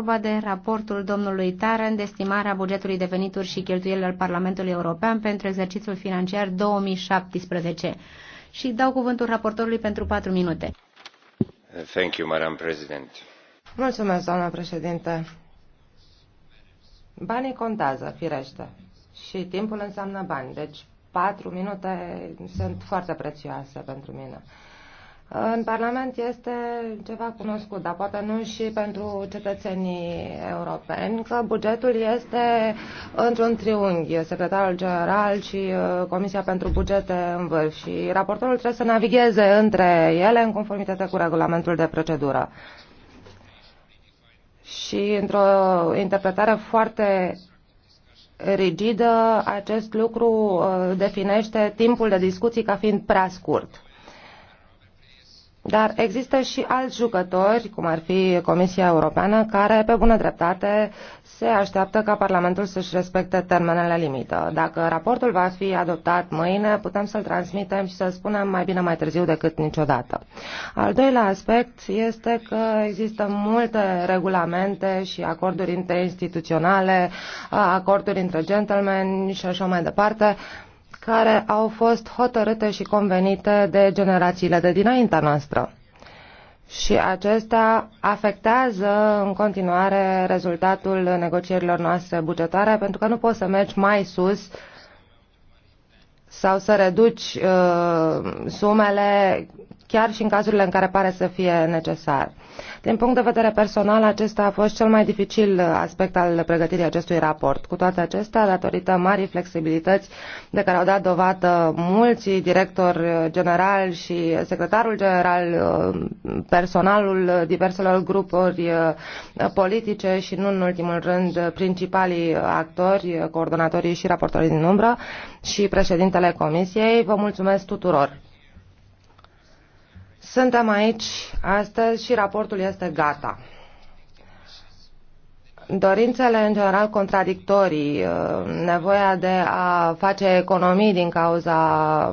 vorba de raportul domnului Taran de estimarea bugetului de venituri și cheltuieli al Parlamentului European pentru exercițiul financiar 2017. Și dau cuvântul raportorului pentru 4 minute. Thank you, Madam President. Mulțumesc, doamna președinte. Banii contează, firește. Și timpul înseamnă bani, deci patru minute sunt foarte prețioase pentru mine. Uh, în Parlament este ceva cunoscut, dar poate nu și pentru cetățenii europeni, că bugetul este într-un triunghi, secretarul general și uh, Comisia pentru Bugete în vârf și raportorul trebuie să navigheze între ele în conformitate cu regulamentul de procedură. Și într-o interpretare foarte rigidă, acest lucru uh, definește timpul de discuții ca fiind prea scurt. Dar există și alți jucători, cum ar fi Comisia Europeană, care, pe bună dreptate, se așteaptă ca Parlamentul să-și respecte termenele limită. Dacă raportul va fi adoptat mâine, putem să-l transmitem și să spunem mai bine mai târziu decât niciodată. Al doilea aspect este că există multe regulamente și acorduri interinstituționale, acorduri între gentlemen și așa mai departe, care au fost hotărâte și convenite de generațiile de dinaintea noastră. Și acestea afectează în continuare rezultatul negocierilor noastre bugetare, pentru că nu poți să mergi mai sus sau să reduci uh, sumele chiar și în cazurile în care pare să fie necesar. Din punct de vedere personal, acesta a fost cel mai dificil aspect al pregătirii acestui raport. Cu toate acestea, datorită marii flexibilități de care au dat dovadă mulți director general și secretarul general, personalul diverselor grupuri uh, politice și nu în ultimul rând principalii actori, coordonatorii și raportorii din umbră și președintele Comisiei, vă mulțumesc tuturor. Suntem aici astăzi și raportul este gata. Dorințele în general contradictorii, uh, nevoia de a face economii din cauza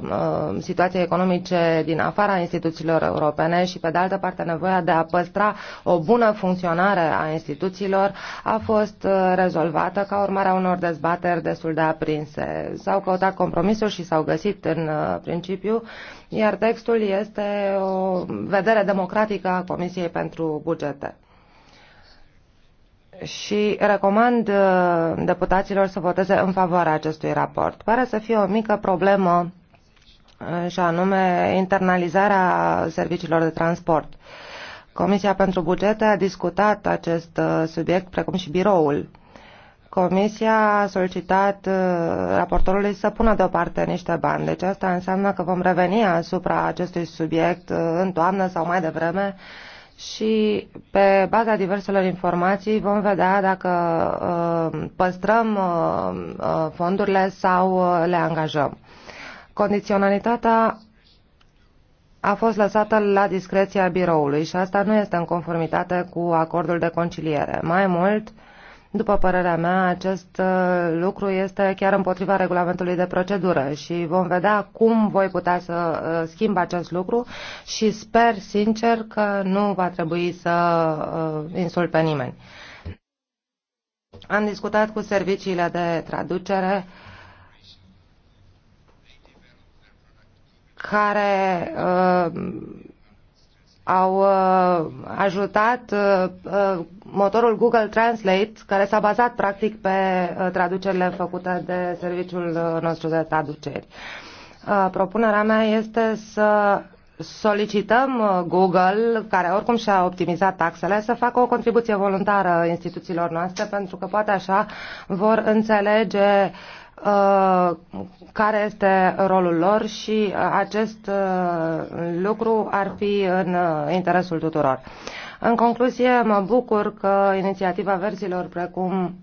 uh, situației economice din afara instituțiilor europene și, pe de altă parte, nevoia de a păstra o bună funcționare a instituțiilor a fost uh, rezolvată ca urmare a unor dezbateri destul de aprinse. S-au căutat compromisuri și s-au găsit în principiu iar textul este o vedere democratică a Comisiei pentru Bugete. Și recomand uh, deputaților să voteze în favoarea acestui raport. Pare să fie o mică problemă uh, și anume internalizarea serviciilor de transport. Comisia pentru Bugete a discutat acest uh, subiect, precum și biroul Comisia a solicitat uh, raportorului să pună deoparte niște bani, deci asta înseamnă că vom reveni asupra acestui subiect uh, în toamnă sau mai devreme și pe baza diverselor informații vom vedea dacă uh, păstrăm fondurile sau le angajăm. Condiționalitatea a fost lăsată la discreția biroului și asta nu este în conformitate cu acordul de conciliere. Mai mult, uh, după părerea mea, acest uh, lucru este chiar împotriva regulamentului de procedură și vom vedea cum voi putea să uh, schimb acest lucru și sper sincer că nu va trebui să uh, insult pe nimeni. Am discutat cu serviciile de traducere care uh, au uh, ajutat uh, uh, motorul Google Translate, care s-a bazat practic pe uh, traducerile făcute de serviciul uh, nostru de traduceri. Uh, propunerea mea este să solicităm uh, Google, care oricum și-a optimizat taxele, să facă o contribuție voluntară instituțiilor noastre, pentru că poate așa vor înțelege uh, Uh, care este rolul lor și uh, acest uh, lucru ar fi în interesul tuturor. În concluzie, mă bucur că inițiativa versilor precum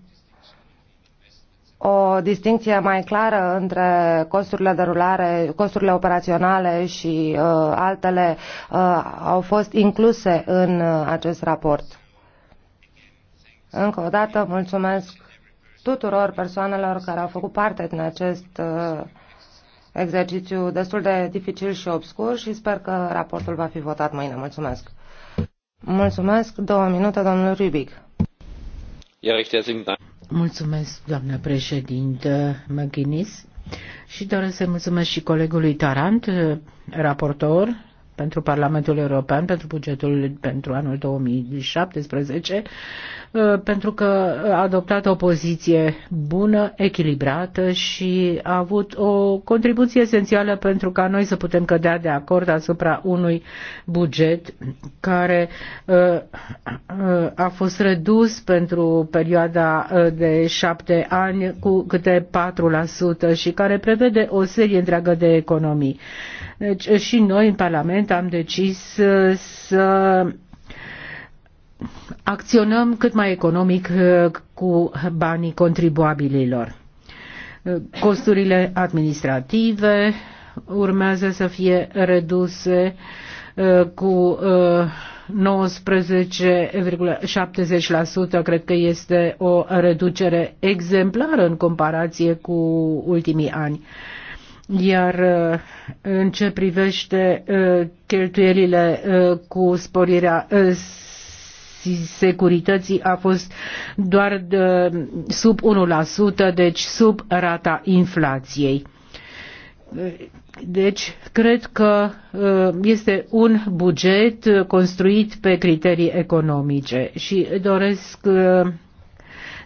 o distinție mai clară între costurile de rulare, costurile operaționale și uh, altele uh, au fost incluse în uh, acest raport. Încă o dată mulțumesc tuturor persoanelor care au făcut parte din acest uh, exercițiu destul de dificil și obscur și sper că raportul va fi votat mâine. Mulțumesc! Mulțumesc! Două minute, domnul Rubic. Mulțumesc, doamnă președintă McGuinness și doresc să mulțumesc și colegului Tarant, raportor, pentru Parlamentul European, pentru bugetul pentru anul 2017, uh, pentru că a adoptat o poziție bună, echilibrată și a avut o contribuție esențială pentru ca noi să putem cădea de acord asupra unui buget care uh, uh, a fost redus pentru perioada de șapte ani cu câte 4% și care prevede o serie întreagă de economii. Deci și noi în Parlament moment am decis uh, să acționăm cât mai economic uh, cu banii contribuabililor. Uh, costurile administrative urmează să fie reduse cu 19,70%, cred că este o reducere exemplară în comparație cu ultimii ani. Iar uh, în ce privește uh, cheltuielile uh, cu sporirea securității a fost doar de sub 1%, deci sub rata inflației. Deci, cred că este un buget construit pe criterii economice și doresc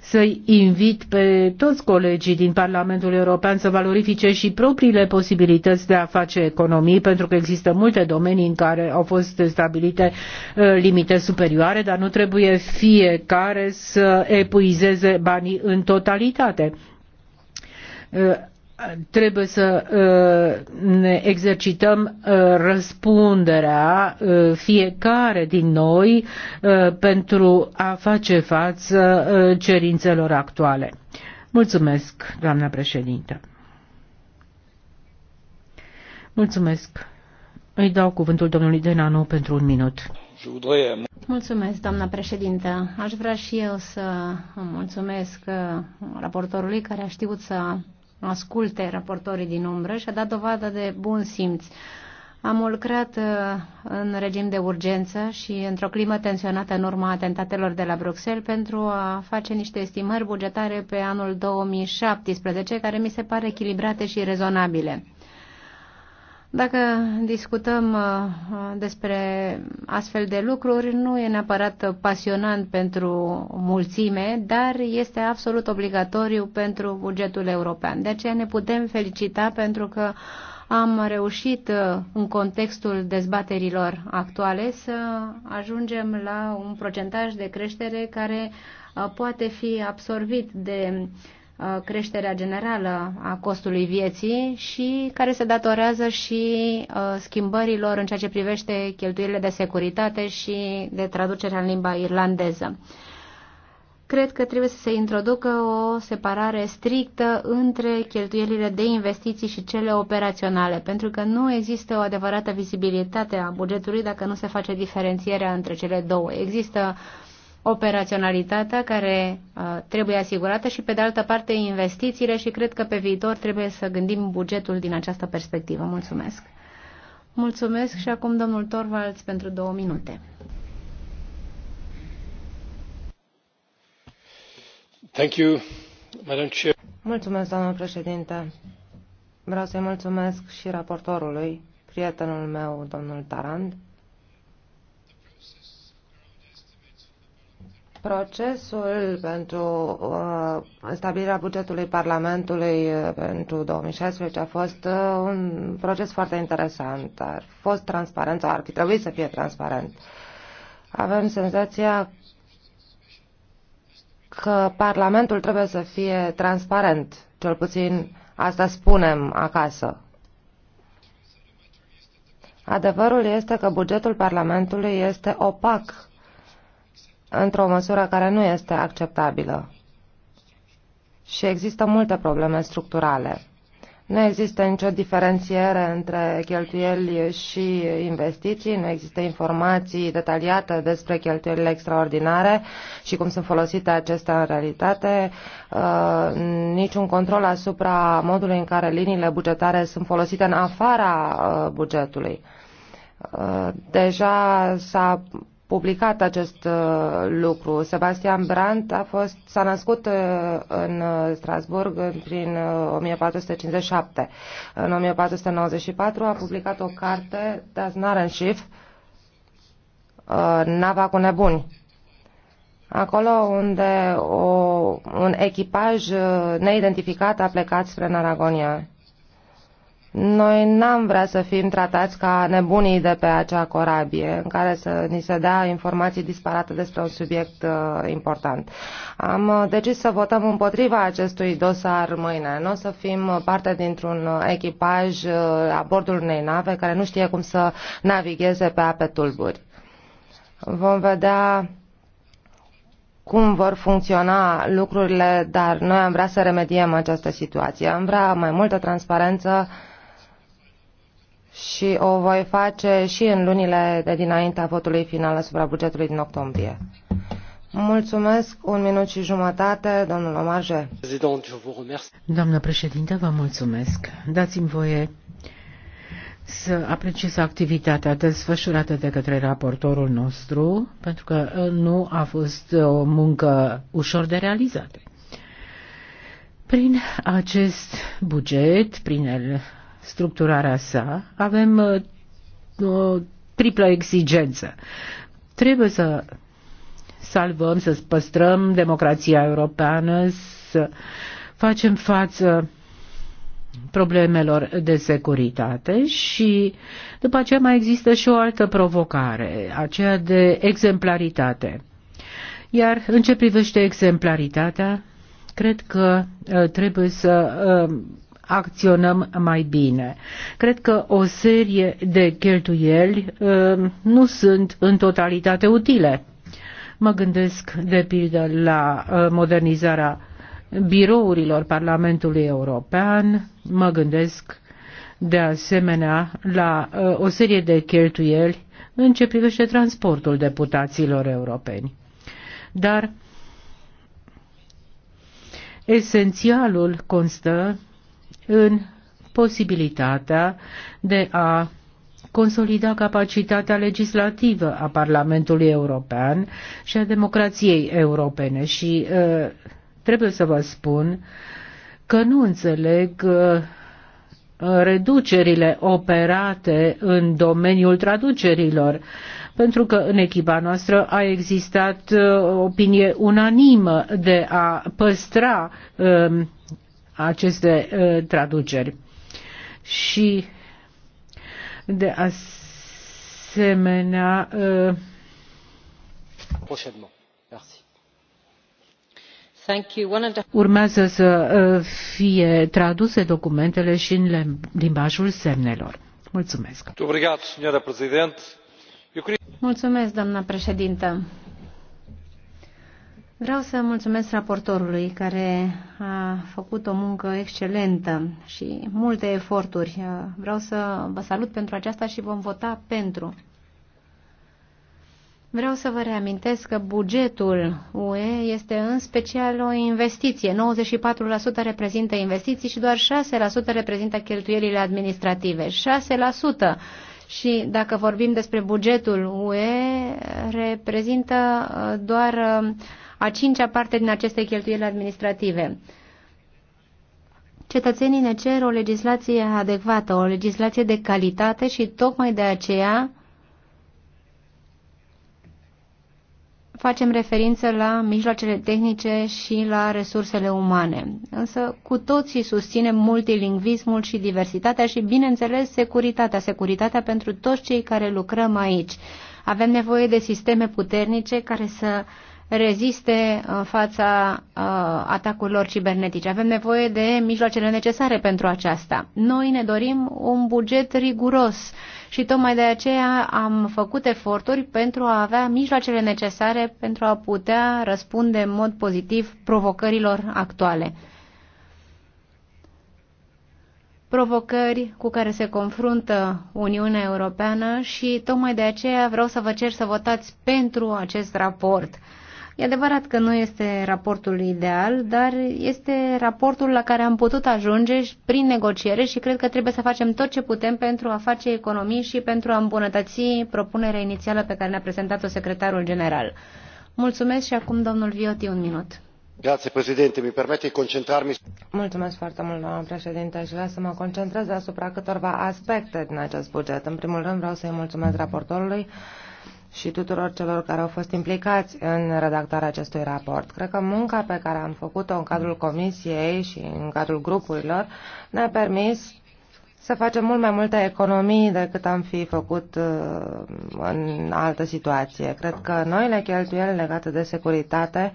să-i invit pe toți colegii din Parlamentul European să valorifice și propriile posibilități de a face economii, pentru că există multe domenii în care au fost stabilite uh, limite superioare, dar nu trebuie fiecare să epuizeze banii în totalitate uh, trebuie să uh, ne exercităm uh, răspunderea uh, fiecare din noi pentru a face față cerințelor actuale. Mulțumesc, doamna președintă. Mulțumesc. Îi dau cuvântul domnului Denanu pentru un minut. Mulțumesc, doamna președintă. Aș vrea și eu să mulțumesc raportorului care a știut să asculte raportorii din umbră și a dat dovadă de bun simț. Am lucrat uh, în regim de urgență și într-o climă tensionată în urma atentatelor de la Bruxelles pentru a face niște estimări bugetare pe anul 2017, care mi se pare echilibrate și rezonabile. Dacă discutăm uh, despre astfel de lucruri, nu e neapărat pasionant pentru mulțime, dar este absolut obligatoriu pentru bugetul european. De aceea ne putem felicita pentru că am reușit uh, în contextul dezbaterilor actuale să ajungem la un procentaj de creștere care uh, poate fi absorbit de uh, Uh, creșterea generală a costului vieții și care se datorează și uh, schimbărilor în ceea ce privește cheltuielile de securitate și de traducere în limba irlandeză. Cred că trebuie să se introducă o separare strictă între cheltuielile de investiții și cele operaționale, pentru că nu există o adevărată vizibilitate a bugetului dacă nu se face diferențierea între cele două. Există uh, operaționalitatea care uh, trebuie asigurată și, pe de altă parte, investițiile și cred că pe viitor trebuie să gândim bugetul din această perspectivă. Mulțumesc! Mulțumesc și acum domnul Torvalds pentru două minute. Thank you, Madam Chair. Mulțumesc, doamnă președinte. Vreau să-i mulțumesc și raportorului, prietenul meu, domnul Tarand, Procesul pentru uh, stabilirea bugetului Parlamentului uh, pentru 2016 a fost uh, un proces foarte interesant. A fost transparent sau ar fi trebuit să fie transparent. Avem senzația că Parlamentul trebuie să fie transparent, cel puțin asta spunem acasă. Adevărul este că bugetul Parlamentului este opac într-o măsură care nu este acceptabilă. Și există multe probleme structurale. Nu există nicio diferențiere între cheltuieli și investiții, nu există informații detaliate despre cheltuielile extraordinare și cum sunt folosite acestea în realitate, uh, niciun control asupra modului în care liniile bugetare sunt folosite în afara uh, bugetului. Uh, deja s-a publicat acest uh, lucru. Sebastian Brandt a fost, s-a născut uh, în uh, Strasburg prin 1457. În 1494 a publicat o carte, Das Narrenschiff, Nava cu nebuni. Acolo unde o, un echipaj neidentificat a plecat spre Naragonia noi n-am vrea să fim tratați ca nebunii de pe acea corabie în care să ni se dea informații disparate despre un subiect uh, important. Am uh, decis să votăm împotriva acestui dosar mâine. Nu o să fim uh, parte dintr-un uh, echipaj uh, a bordul unei nave care nu știe cum să navigheze pe ape tulburi. Vom vedea cum vor funcționa lucrurile, dar noi am vrea să remediem această situație. Am vrea mai multă transparență și o voi face și în lunile de dinaintea votului final asupra bugetului din octombrie. Mulțumesc. Un minut și jumătate, domnul Omarje. Doamnă președinte, vă mulțumesc. Dați-mi voie să apreciez activitatea desfășurată de către raportorul nostru, pentru că uh, nu a fost uh, o muncă ușor de realizată. Prin acest buget, prin el structurarea sa, avem o uh, uh, triplă exigență. Trebuie să salvăm, să păstrăm democrația europeană, să facem față problemelor de securitate și după aceea mai există și o altă provocare, aceea de exemplaritate. Iar în ce privește exemplaritatea, cred că uh, trebuie să acționăm mai bine. Cred că o serie de cheltuieli uh, nu sunt în totalitate utile. Mă gândesc, de pildă, la uh, modernizarea birourilor Parlamentului European, mă gândesc de asemenea la uh, o serie de cheltuieli în ce privește transportul deputaților europeni. Dar esențialul constă în posibilitatea de a consolida capacitatea legislativă a Parlamentului European și a democrației europene. Și uh, trebuie să vă spun că nu înțeleg uh, reducerile operate în domeniul traducerilor, pentru că în echipa noastră a existat uh, opinie unanimă de a păstra um, aceste uh, traduceri. Și de asemenea. Uh, urmează să uh, fie traduse documentele și în limbajul semnelor. Mulțumesc. Mulțumesc, doamna președintă Vreau să mulțumesc raportorului care a făcut o muncă excelentă și multe eforturi. Vreau să vă salut pentru aceasta și vom vota pentru. Vreau să vă reamintesc că bugetul UE este în special o investiție. 94% reprezintă investiții și doar 6% reprezintă cheltuielile administrative. 6%! Și dacă vorbim despre bugetul UE, reprezintă uh, doar uh, a cincea parte din aceste cheltuieli administrative. Cetățenii ne cer o legislație adecvată, o legislație de calitate și tocmai de aceea facem referință la mijloacele tehnice și la resursele umane. Însă cu toții susținem multilingvismul și diversitatea și, bineînțeles, securitatea, securitatea pentru toți cei care lucrăm aici. Avem nevoie de sisteme puternice care să uh, reziste în uh, fața uh, atacurilor cibernetice. Avem nevoie de mijloacele necesare pentru aceasta. Noi ne dorim un buget riguros și tocmai de aceea am făcut eforturi pentru a avea mijloacele necesare pentru a putea răspunde în mod pozitiv provocărilor actuale provocări cu care se confruntă Uniunea Europeană și tocmai de aceea vreau să vă cer să votați pentru acest raport. E adevărat că nu este raportul ideal, dar este raportul la care am putut ajunge prin negociere și cred că trebuie să facem tot ce putem pentru a face economii și pentru a îmbunătăți propunerea inițială pe care ne-a prezentat-o secretarul general. Mulțumesc și acum domnul Vioti un minut. Grazie, președinte. Mi permite concentrarmi. Mulțumesc foarte mult, doamnă președinte. Aș vrea să mă concentrez asupra câtorva aspecte din acest buget. În primul rând vreau să-i mulțumesc raportorului și tuturor celor care au fost implicați în redactarea acestui raport. Cred că munca pe care am făcut-o în cadrul comisiei și în cadrul grupurilor ne-a permis să facem mult mai multe economii decât am fi făcut uh, în altă situație. Cred că noile cheltuieli legate de securitate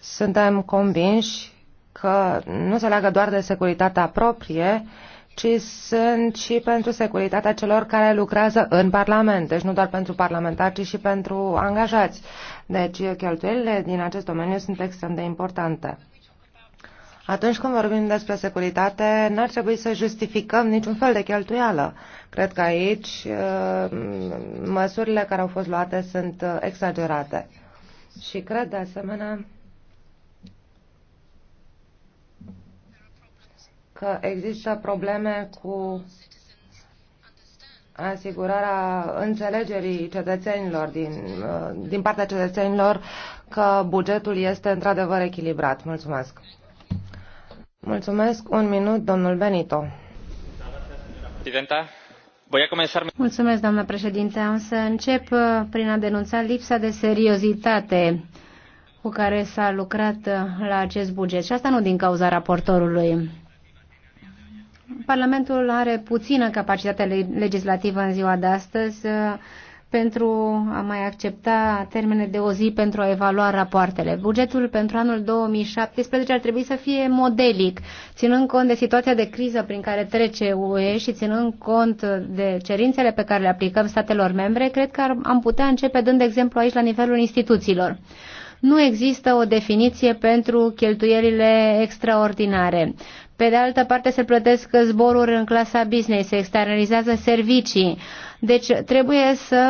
suntem convinși că nu se leagă doar de securitatea proprie, ci sunt și pentru securitatea celor care lucrează în Parlament, deci nu doar pentru parlamentari, ci și pentru angajați. Deci cheltuielile din acest domeniu sunt extrem de importante. Atunci când vorbim despre securitate, n-ar trebui să justificăm niciun fel de cheltuială. Cred că aici uh, măsurile care au fost luate sunt uh, exagerate. Și cred de asemenea că există probleme cu asigurarea înțelegerii cetățenilor din, uh, din partea cetățenilor că bugetul este într-adevăr echilibrat. Mulțumesc. Mulțumesc. Un minut, domnul Benito. Mulțumesc, doamnă președinte. Am să încep uh, prin a denunța lipsa de seriozitate cu care s-a lucrat uh, la acest buget. Și asta nu din cauza raportorului. Parlamentul are puțină capacitate legislativă în ziua de astăzi uh, pentru a mai accepta termene de o zi pentru a evalua rapoartele. Bugetul pentru anul 2017 ar trebui să fie modelic, ținând cont de situația de criză prin care trece UE și ținând cont de cerințele pe care le aplicăm statelor membre, cred că am putea începe dând exemplu aici la nivelul instituțiilor. Nu există o definiție pentru cheltuielile extraordinare. Pe de altă parte se plătesc zboruri în clasa business, se externalizează servicii. Deci trebuie să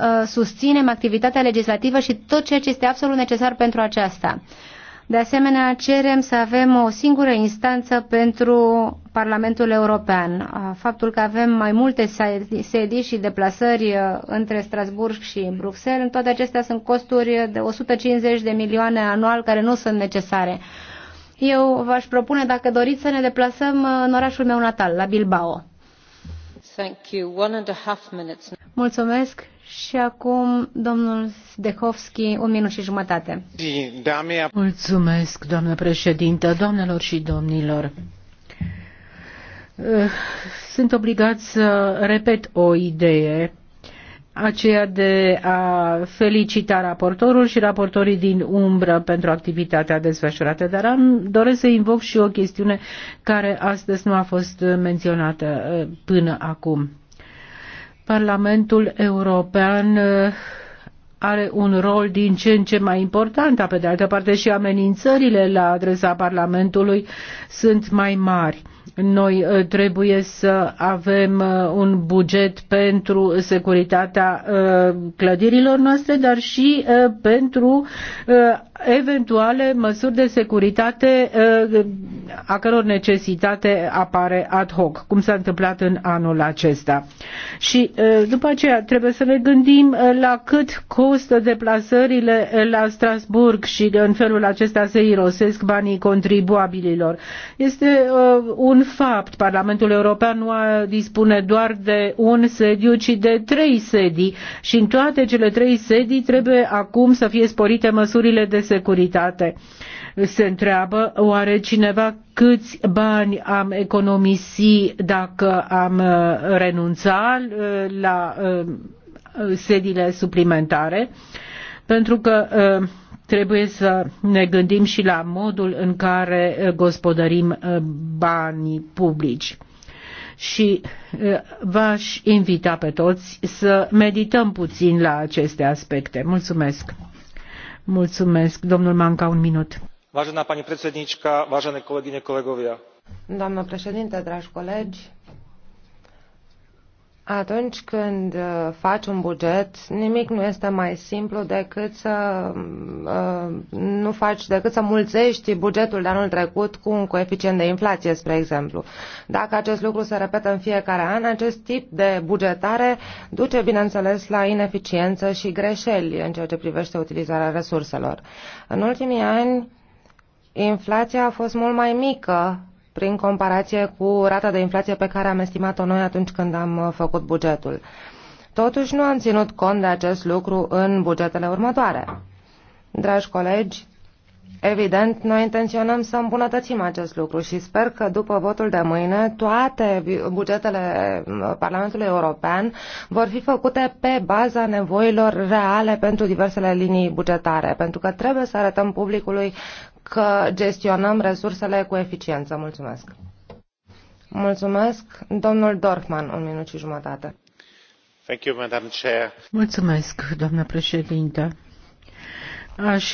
uh, susținem activitatea legislativă și tot ceea ce este absolut necesar pentru aceasta. De asemenea, cerem să avem o singură instanță pentru Parlamentul European. Uh, faptul că avem mai multe sedii și deplasări uh, între Strasburg și Bruxelles, toate acestea sunt costuri de 150 de milioane anual care nu sunt necesare eu v-aș propune, dacă doriți, să ne deplasăm în orașul meu natal, la Bilbao. Mulțumesc și acum domnul Zdehovski, un minut și jumătate. Mulțumesc, doamnă președintă, doamnelor și domnilor. Eh, sunt obligat să repet o idee aceea de a felicita raportorul și raportorii din umbră pentru activitatea desfășurată, dar am doresc să invoc și o chestiune care astăzi nu a fost menționată uh, până acum. Parlamentul European uh, are un rol din ce în ce mai important, dar pe de altă parte și amenințările la adresa Parlamentului sunt mai mari. Noi uh, trebuie să avem uh, un buget pentru securitatea uh, clădirilor noastre, dar și pentru eventuale măsuri de securitate a căror necesitate apare ad hoc, cum s-a întâmplat în anul acesta. Și după aceea trebuie să ne gândim la cât costă deplasările la Strasburg și în felul acesta se irosesc banii contribuabililor. Este un fapt. Parlamentul European nu dispune doar de un sediu, ci de trei sedii și în toate cele trei sedii trebuie acum să fie sporite măsurile de securitate se întreabă oare cineva câți bani am economisit dacă am uh, renunțat uh, la uh, sediile suplimentare, pentru că trebuie să ne gândim și la modul în care gospodărim banii publici. Și v-aș invita pe toți să medităm puțin la aceste aspecte. Mulțumesc! Mulțumesc, domnul Manca, un minut vážená pani predsedníčka vážené kolegyne kolegovia doamnă președintă dragi colegi atunci când uh, faci un buget, nimic nu este mai simplu decât să uh, nu faci decât să mulțești bugetul de anul trecut cu un coeficient de inflație, spre exemplu. Dacă acest lucru se repetă în fiecare an, acest tip de bugetare duce, bineînțeles, la ineficiență și greșeli în ceea ce privește utilizarea resurselor. În ultimii ani, inflația a fost mult mai mică prin comparație cu rata de inflație pe care am estimat-o noi atunci când am uh, făcut bugetul. Totuși nu am ținut cont de acest lucru în bugetele următoare. Dragi colegi, Evident, noi intenționăm să îmbunătățim acest lucru și sper că după votul de mâine toate bugetele Parlamentului European vor fi făcute pe baza nevoilor reale pentru diversele linii bugetare, pentru că trebuie să arătăm publicului că gestionăm resursele cu eficiență. Mulțumesc! Mulțumesc, domnul Dorfman, un minut și jumătate. Mulțumesc, doamnă președintă. Aș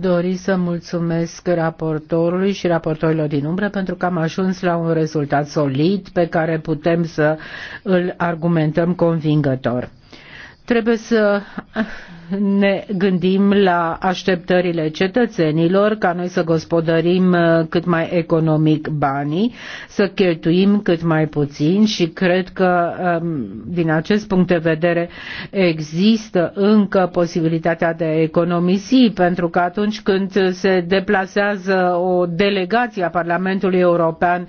dori să mulțumesc raportorului și raportorilor din umbră pentru că am ajuns la un rezultat solid pe care putem să îl argumentăm convingător. Trebuie să ne gândim la așteptările cetățenilor ca noi să gospodărim uh, cât mai economic banii, să cheltuim cât mai puțin și cred că um, din acest punct de vedere există încă posibilitatea de a economisi pentru că atunci când se deplasează o delegație a Parlamentului European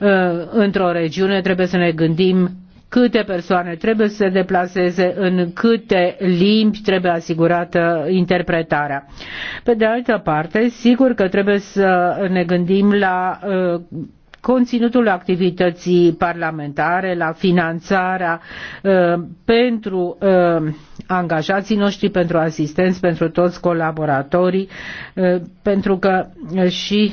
uh, într-o regiune trebuie să ne gândim câte persoane trebuie să se deplaseze, în câte limbi trebuie asigurată interpretarea. Pe de altă parte, sigur că trebuie să ne gândim la uh, conținutul activității parlamentare, la finanțarea uh, pentru uh, angajații noștri, pentru asistenți, pentru toți colaboratorii, pentru că și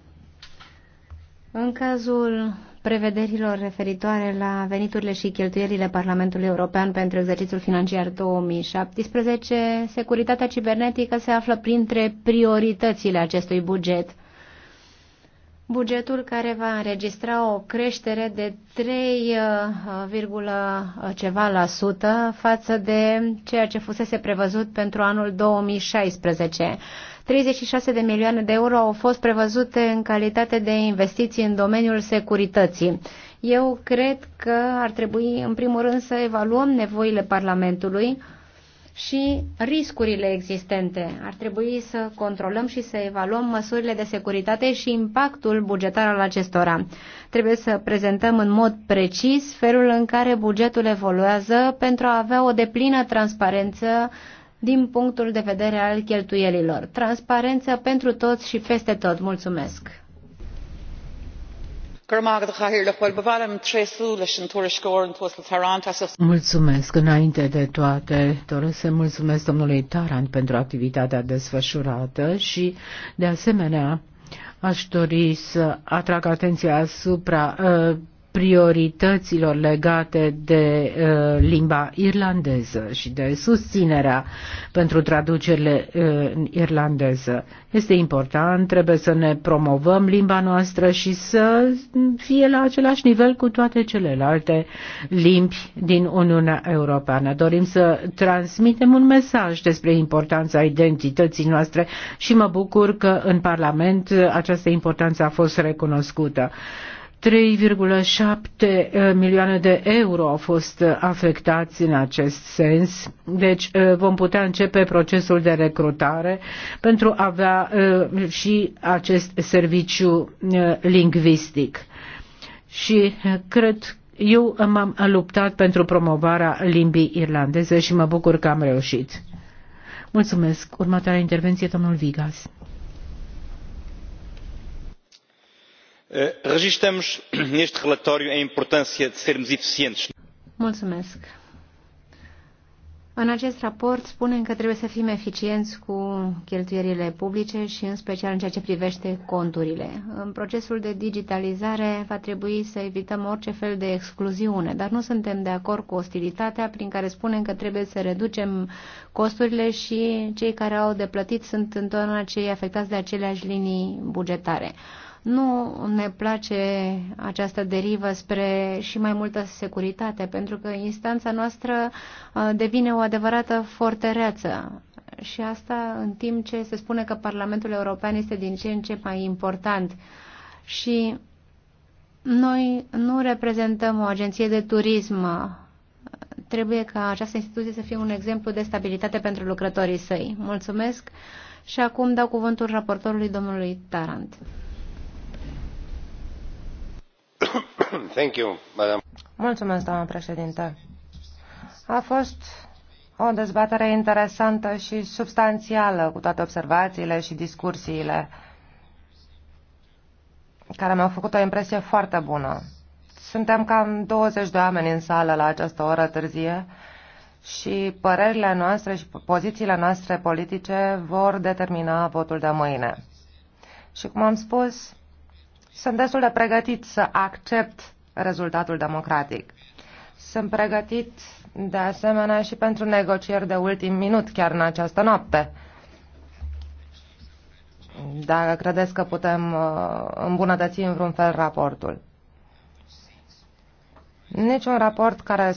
în cazul prevederilor referitoare la veniturile și cheltuielile Parlamentului European pentru exercițiul financiar 2017, securitatea cibernetică se află printre prioritățile acestui buget. Bugetul care va înregistra o creștere de 3, uh, uh, ceva la sută față de ceea ce fusese prevăzut pentru anul 2016 36 de milioane de euro au fost prevăzute în calitate de investiții în domeniul securității. Eu cred că ar trebui, în primul rând, să evaluăm nevoile Parlamentului și riscurile existente. Ar trebui să controlăm și să evaluăm măsurile de securitate și impactul bugetar al acestora. Trebuie să prezentăm în mod precis felul în care bugetul evoluează pentru a avea o deplină transparență din punctul de vedere al cheltuielilor. Transparență pentru toți și peste tot. Mulțumesc! Mulțumesc. Înainte de toate, doresc să mulțumesc domnului Taran pentru activitatea desfășurată și, de asemenea, aș dori să atrag atenția asupra uh, priorităților legate de uh, limba irlandeză și de susținerea pentru traducerile în uh, irlandeză. Este important, trebuie să ne promovăm limba noastră și să fie la același nivel cu toate celelalte limbi din Uniunea Europeană. Dorim să transmitem un mesaj despre importanța identității noastre și mă bucur că în Parlament această importanță a fost recunoscută. Uh, 3,7 eh, milioane de euro au fost eh, afectați în acest sens. Deci eh, vom putea începe procesul de recrutare pentru a avea și acest serviciu lingvistic. Și cred eu m-am luptat pentru promovarea limbii irlandeze și mă bucur că am reușit. Mulțumesc. Următoarea intervenție, domnul Vigas. Eh, registramos neste relatório a importância de sermos eficientes. Mulțumesc. În acest raport spunem că trebuie să fim eficienți cu cheltuierile publice și în special în ceea ce privește conturile. În procesul de digitalizare va trebui să evităm orice fel de excluziune, dar nu suntem de acord cu ostilitatea prin care spunem că trebuie să reducem costurile și cei care au de plătit sunt întotdeauna cei afectați de aceleași linii bugetare. Nu ne place această derivă spre și mai multă securitate, pentru că instanța noastră uh, devine o adevărată fortăreață și asta în timp ce se spune că Parlamentul European este din ce în ce mai important. Și noi nu reprezentăm o agenție de turism. Trebuie ca această instituție să fie un exemplu de stabilitate pentru lucrătorii săi. Mulțumesc și acum dau cuvântul raportorului domnului Tarant. Mulțumesc, doamnă președinte. A fost o dezbatere interesantă și substanțială, cu toate observațiile și discursiile, care mi-au făcut o impresie foarte bună. Suntem cam 20 de oameni în sală la această oră târzie și părerile noastre și pozițiile noastre politice vor determina votul de mâine. Și cum am spus, sunt destul de pregătit să accept rezultatul democratic. Sunt pregătit de asemenea și pentru negocieri de ultim minut, chiar în această noapte. Dacă credeți că putem uh, îmbunătăți în vreun fel raportul. Niciun raport care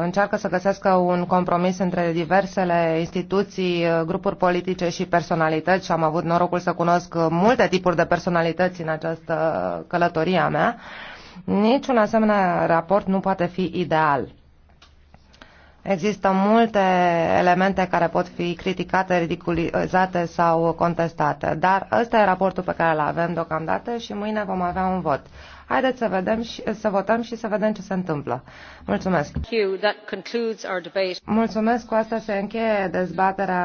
încearcă să găsească un compromis între diversele instituții, uh, grupuri politice și personalități și am avut norocul să cunosc uh, multe tipuri de personalități în această călătorie a mea, uh, Niciun asemenea raport nu poate fi ideal. Există multe elemente care pot fi criticate, ridiculizate sau contestate, dar ăsta e raportul pe care îl avem deocamdată și mâine vom avea un vot. Haideți să, vedem și, să votăm și să vedem ce se întâmplă. Mulțumesc! Mulțumesc, cu asta se încheie dezbaterea.